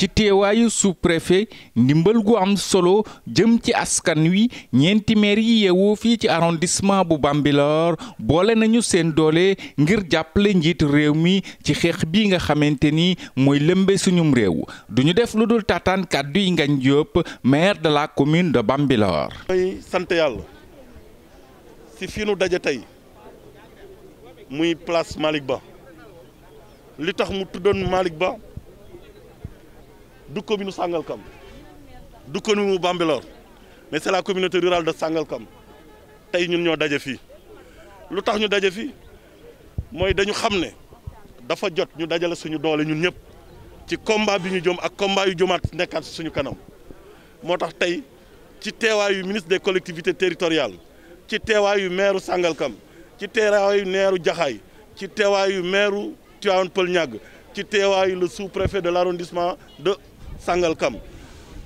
ci teewaayu sous ndimbal gu am solo jëm ci askan wi ñeenti maire yi yeewoo fii ci arrondissement bu Bambilor boole nañu seen doole ngir jàppale njiit réew mi ci xeex bi nga xamante ni mooy lëmbe suñum réew duñu def lu dul taataan kàddu yi Ngagne Diop de la commune de Bambilor. mooy sant yàlla ci fii nu daje tey muy place Malick Ba li tax mu tuddoon Malick Ba. du commune Sangalkam du commune Bambilor mais c'est la communauté rurale de Sangalkam Tay ñun ñoo daje fii lu tax ñu daje fii mooy dañu xam ne dafa jot ñu dajale suñu doole ñun ñëpp ci combat bi ñu jom ak combat yu jëmaat nekkaat suñu kanam moo tay. tey ci yu ministre des collectivités territoriales ci teewaayu meeru Sangalkam ci teewaayu meeru Jaxaay ci teewaayu meeru Tivaouane Polnyag. Niaga ci yu le sous-préfet de l'arrondissement de Sangalkam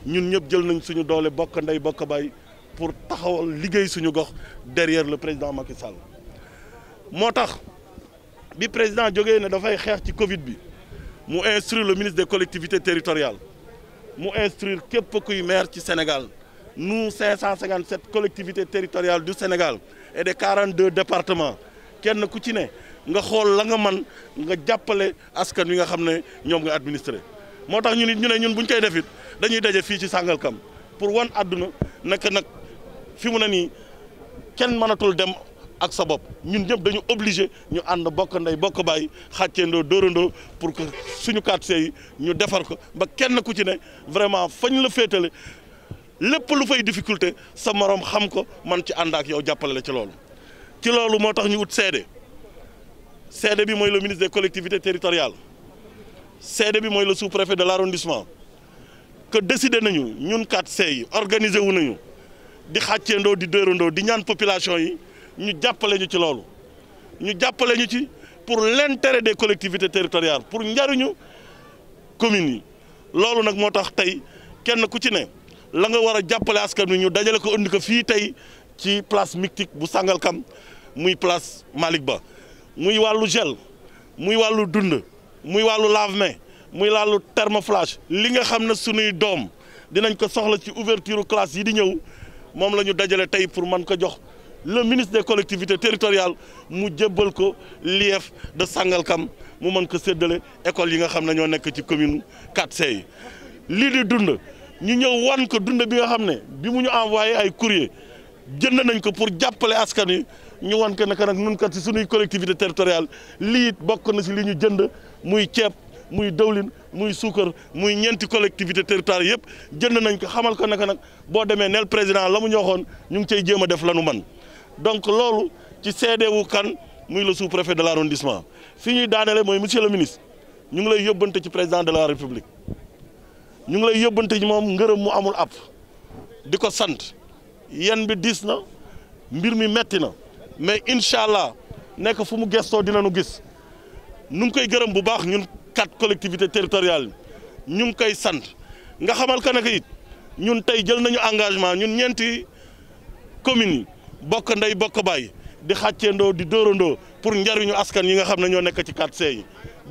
ñun ñëpp jël nañ suñu doole bokk ndey bokk bay pour taxawal liggéey suñu gox derrière le président Macky Sall moo tax bi président jógee ne dafay xeex ci Covid bi mu instruire le ministre des collectivités territoriales mu instruire képp kuy maire ci Sénégal nous 557 collectivités territoriales du Sénégal et des 42 départements kenn ku ci ne nga xool la nga man nga jàppale askan wi nga xam ne nga administré. moo tax ñu nit ñu ne ñun buñ koy def it dañuy daje fii ci Sangalkam pour wan adduna naka nag fi mu ne nii kenn mënatul dem ak sa bopp ñun ñëpp dañu obligé ñu ànd bokk ndey bokk bàyyi xàcceendoo dóorandoo pour que suñu quartier yi ñu defar ko ba kenn ku ci ne vraiment fañ la féetale lépp lu fay difficulté sa morom xam ko man ci ànd ak yow jàppale la ci loolu ci loolu moo tax ñu ut seede seede bi mooy le ministre des collectivités territoriales seede bi mooy le sous-préfet de l'arrondissement que décidé nañu ñun 4C yi organiser wu nañu di xàccee xàcceendoo di dóorandoo di ñaan population yi ñu jàppale ñu ci loolu ñu jàppale ñu ci pour l'intérêt des collectivités territoriales pour njariñu communes yi loolu nag moo tax tey kenn ku ci ne la nga war a jàppale askan wi ñu dajale ko indi ko fii tey ci place Mictic bu Sangalkam muy place Malick Ba muy wàllu gel muy wàllu dund muy wàllu lave muy wàllu thermoflash li nga xam ne sunuy doom dinañ ko soxla ci ouverture classe yi di ñëw moom la ñu dajale tey pour man ko jox le ministre des collectivités territoriales mu jébbal ko l'IEF de kam mu mën ko séddale école yi nga xam ne ñoo nekk ci commune 4C yi lii di dund ñu ñëw wan ko dund bi nga xam ne bi mu ñu envoyé ay courrier jënd nañ ko pour jàppale askan wi ñu wan ko naka nag nun kat si suñuy collectivité territoriale lii bokk na si li ñu jënd muy ceeb muy dawlin muy suukar muy ñeenti collectivité territoriale yëpp jënd nañ ko xamal ko naka nag boo demee neel président la mu ñoxoon ñu ngi cay jéem a def la nu man donc loolu ci seedewu kan muy le sous préfet de l' arrondissement fi ñuy daaneele mooy monsieur le ministre ñu ngi lay yóbbante ci président de la république ñu ngi lay yóbbante ci moom ngërëm mu amul app di ko sant yan bi diis na mbir mi metti na mais incha allah nekk fu mu gestoo dina nu gis ñu ngi koy gërëm bu baax ñun quatre collectivités territoriales ñu ngi koy sante nga xamal ka nak it ñun tay jël nañu engagement ñun ñeenti commune yi bokk ndey bokk bay di xàcceendoo di dóorandoo pour njariñu askan yi nga xamna ne ñoo nekk ci 4C yi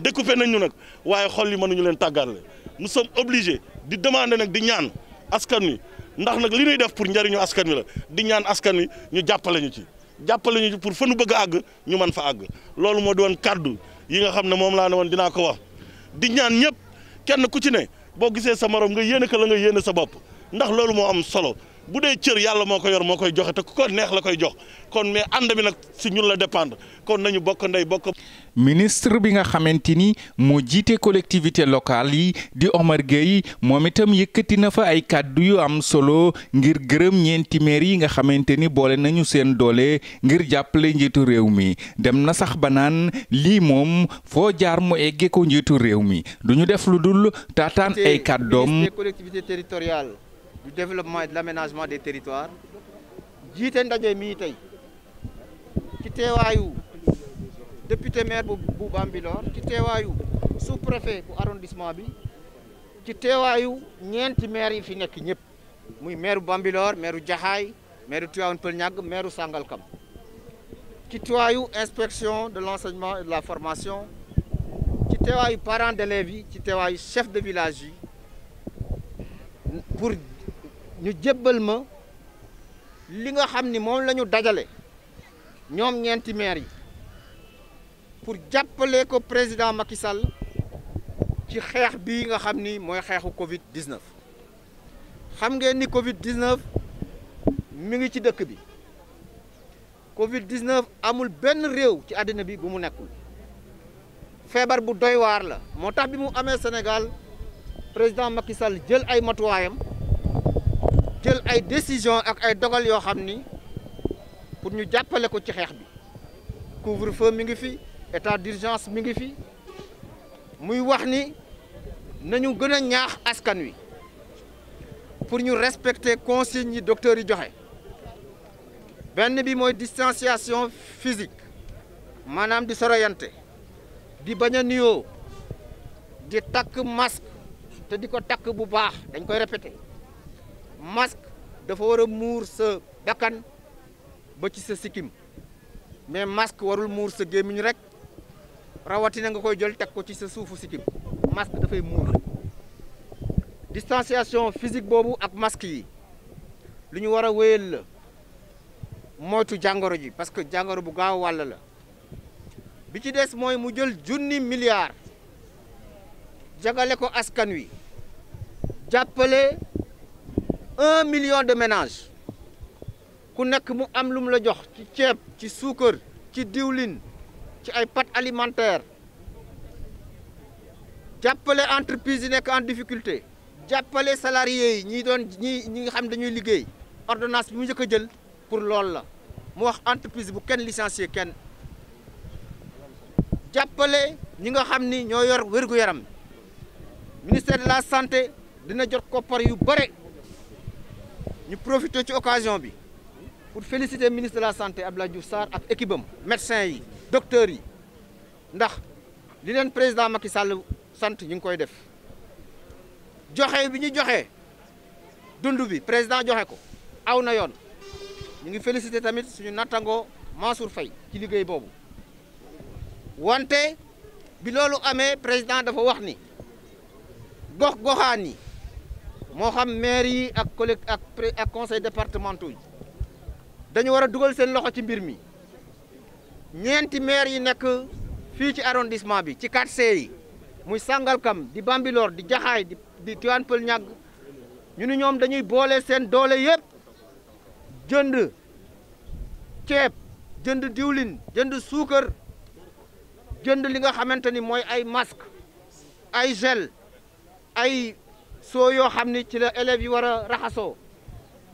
découpé nañ ñu nag waaye xol yi mënuñu leen tàggaale nous sommes obligés di demander nak di ñaan askan wi ndax nak li ñuy def pour njariñu askan wi la di ñaan askan wi ñu jappalé ñu ci jappalé ñu ci pour fa ñu bëgg ag ñu mën fa ag loolu mo doon cadeau yi nga xam ne moom laa ne woon dinaa ko wax di ñaan ñëpp kenn ku ci ne boo gisee sa morom nga yéene ko la nga yéene sa bopp ndax loolu moo am solo bu dee cër yàlla moo yor moo joxe te ko neex la koy jox kon mais ànd bi nag si ñun la dépendre kon nañu bok ndey bok ministre bi nga xamanteni mo jité collectivité locale yi di Omar Gueye moom itam yëkëti na fa ay kaddu yu am solo ngir gërëm ñenti maire yi nga xamanteni ni boole nañu seen doole ngir jappalé njiitu réew mi dem na sax banan li mom fo jaar mu éggé ko njiitu réew mi duñu def luddul tatane ay kaddom collectivité territoriale du développement et de l'aménagement des territoires Qui ndaje mii député maire bu bu Bambilor ci sous-préfet bu arrondissement Qui ci teewaayu maire yi fi maire bu Bambilor maire de Jaxaay maire bu Tivaouane Peulh maire de Sangalkam ci teewaayu inspection de l'enseignement et de la formation ci teewaayu parents d'élèves Qui ci teewaayu chef de village pour ñu jébbal ma li nga xam ni moom lañu ñu dajale ñoom ñeenti maire yi pour jàppale ko président Macky Sall ci xeex bi nga xam ni mooy xeexu Covid 19. xam ngeen ni Covid 19 mu ngi ci dëkk bi Covid 19 amul benn réew ci àddina bi bu mu nekkul feebar bu doywaar la moo tax bi mu amee senegal président Macky Sall jël ay matuwaayam. jël ay décision ak ay dogal yo pour ñu jappalé ko ci bi couvre-feu mi ngi fi état d'urgence mi ngi fi muy wax ni nañu nous pour nous, respecter consignes du docteur yi joxé benn bi distanciation physique Manam di soroyante di baña di masque te bu baax dañ koy répéter. masque dafa war a muur sa bakkan ba ci sa sikkim mais masque warul muur sa gémmiñ rek rawatina nga koy jol teg ko ci sa suufu sikkim masque dafay muur distanciation physique boobu ak masque yi lu ñu war a wéyal la moytu jàngoro ji parce que jàngoro bu gaaw wàll la bi ci des mooy mu jël junni milliard jagale ko askan wi jàppale un million de ménages ku nekk mu am lu mu la jox ci ceeb ci suukar ci diwlin ci ay pâtes alimentaires jàppale entreprise yi nekk en difficulté jàppale salariés yi ñi doon ñi ñi nga xam dañuy liggéey ordonnance bi mu njëkk a jël pour loolu la mu wax entreprise bu ken licencier ken. jàppale ñi nga xam ni ñoo yor wérgu yaram ministère de la santé dina jot koppar yu bare nous profitons de occasion pour féliciter le ministre de la santé Abdoulaye sar Sarr ak médecins les docteurs yi ndax li président Macky Sall Santé, ñu koy joxe bi ñu bi président joxe ko awna yoon féliciter tamit suñu Mansour Faye ci liguey bobu wante bi président dafa wax ni mo xam maire yi ak collègue ak ak conseil départemental yi dañu wara duggal seen loxo ci mbir mi ñenti maire yi nek fi ci arrondissement bi ci quartier yi muy kam di Bambilor di jaxay di di Tivaouane peul ñag ñu ni ñom dañuy bolé seen doole yépp jënd ciép jënd diwlin jënd suukar jënd li nga xamanteni moy ay masque ay gel ay soo yoo xam ci la élèves yi wara a raxasoo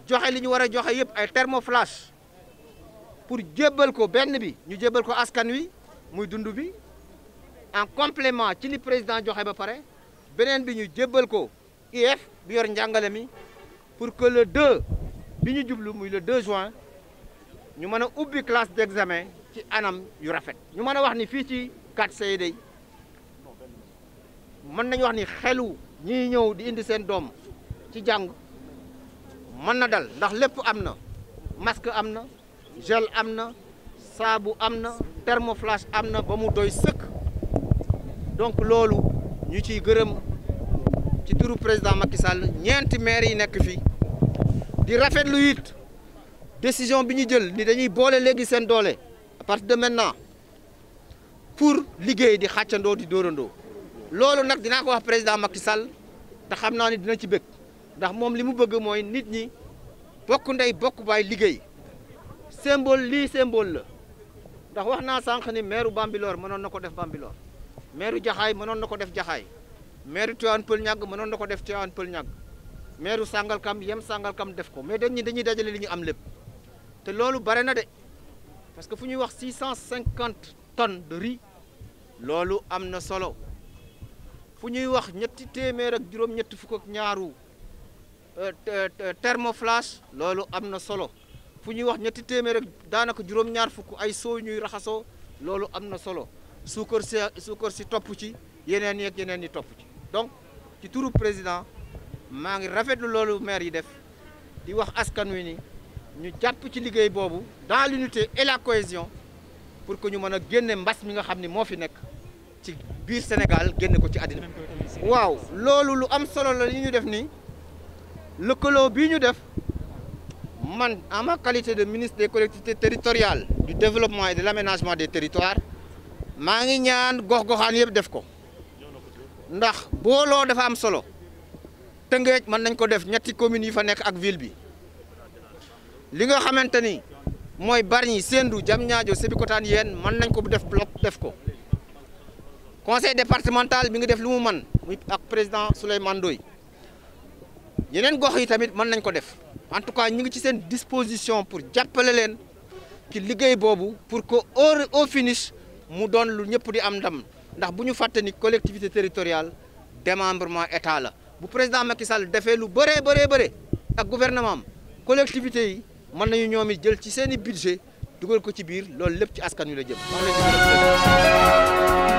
joxe li ñu joxe ay thermoflash pour jébbal ko benn bi ñu jébbal ko askan wi muy bi en complément ci li président joxe ba pare benen bi ñu jébbal ko IF bi yor pour que le 2 bi ñu jublu muy le 2 juin ñu mën a ubbi classe d'examen ci anam yu rafet ñu mën a wax ni fii ci 4C day mën wax ni xelu ñii ñëw di indi seen doom ci jàng mën na dal ndax lépp am na masque am na gel am na saabu am na thermoflash am na ba mu doy sëkk donc loolu ñu ciy gërëm ci turu président Macky Sall ñeenti maire yi nekk fii di rafetlu it décision bi ñu jël ni dañuy boole léegi seen doole à partir de maintenant pour liggéey di xàccandoo di Dorando. loolu nak dina ko wax president Macky Sall ta xamna ni dina ci bekk ndax mom limu bëgg moy nit ñi bokku nday bokku bay liggey symbole li symbole la ndax waxna sank ni maire Bambilor mënon nako def Bambilor maire Jaxay mënon nako def Jaxay maire meru Peul Niaga mënon nako ko def Tivaouane Peulh Niaga maire Kam yem Sangal Kam def ko mais dañ ñi dañuy dajale li ñu am lepp te bare na de parce que fu ñuy wax 650 tonnes de riz loolu amna solo fu wax ñetti téeméer ak juroom ñetti fuk ak ñaaru euh, thermoflash loolu amna solo wax ñetti ak juroom ñaar fuk ay ñuy solo ci ci donc ci président ma ngi rafetlu loolu maire yi def di wax askan wi ni ñu japp ci liggéey dans l'unité et la cohésion pour que nous mëna mbass ci biir Sénégal génn ko ci adina waw lu am solo la ñu def le colo bi ñu def man en ma qualité de ministre des collectivités territoriales du développement et de l'aménagement des territoires ma ngi ñaan gox goxan yëpp def ko ndax lo dafa am solo Tëngéej man nañ ko def ñetti commune yi fa nek ak ville bi li nga xamanteni ni barni sendu Sendou sebi Sébikotane yéen man nañ ko def bloc def ko conseil départemental bi ngi def lu mu man muy ak président Souleymane Doy yenen gox yi tamit man nañ ko def en tout cas ñi ngi ci sen disposition pour jàppale len ci liguey Bobu, pour que au au finish mu doon lu ñepp di am ndam ndax buñu faté ni collectivité territoriale démembrement état la bu président Macky Sall defee lu béré béré béré ak gouvernement collectivité yi man nañu ñomi jël ci seen budget dugal ko ci biir loolu lépp ci askan yu la jëm.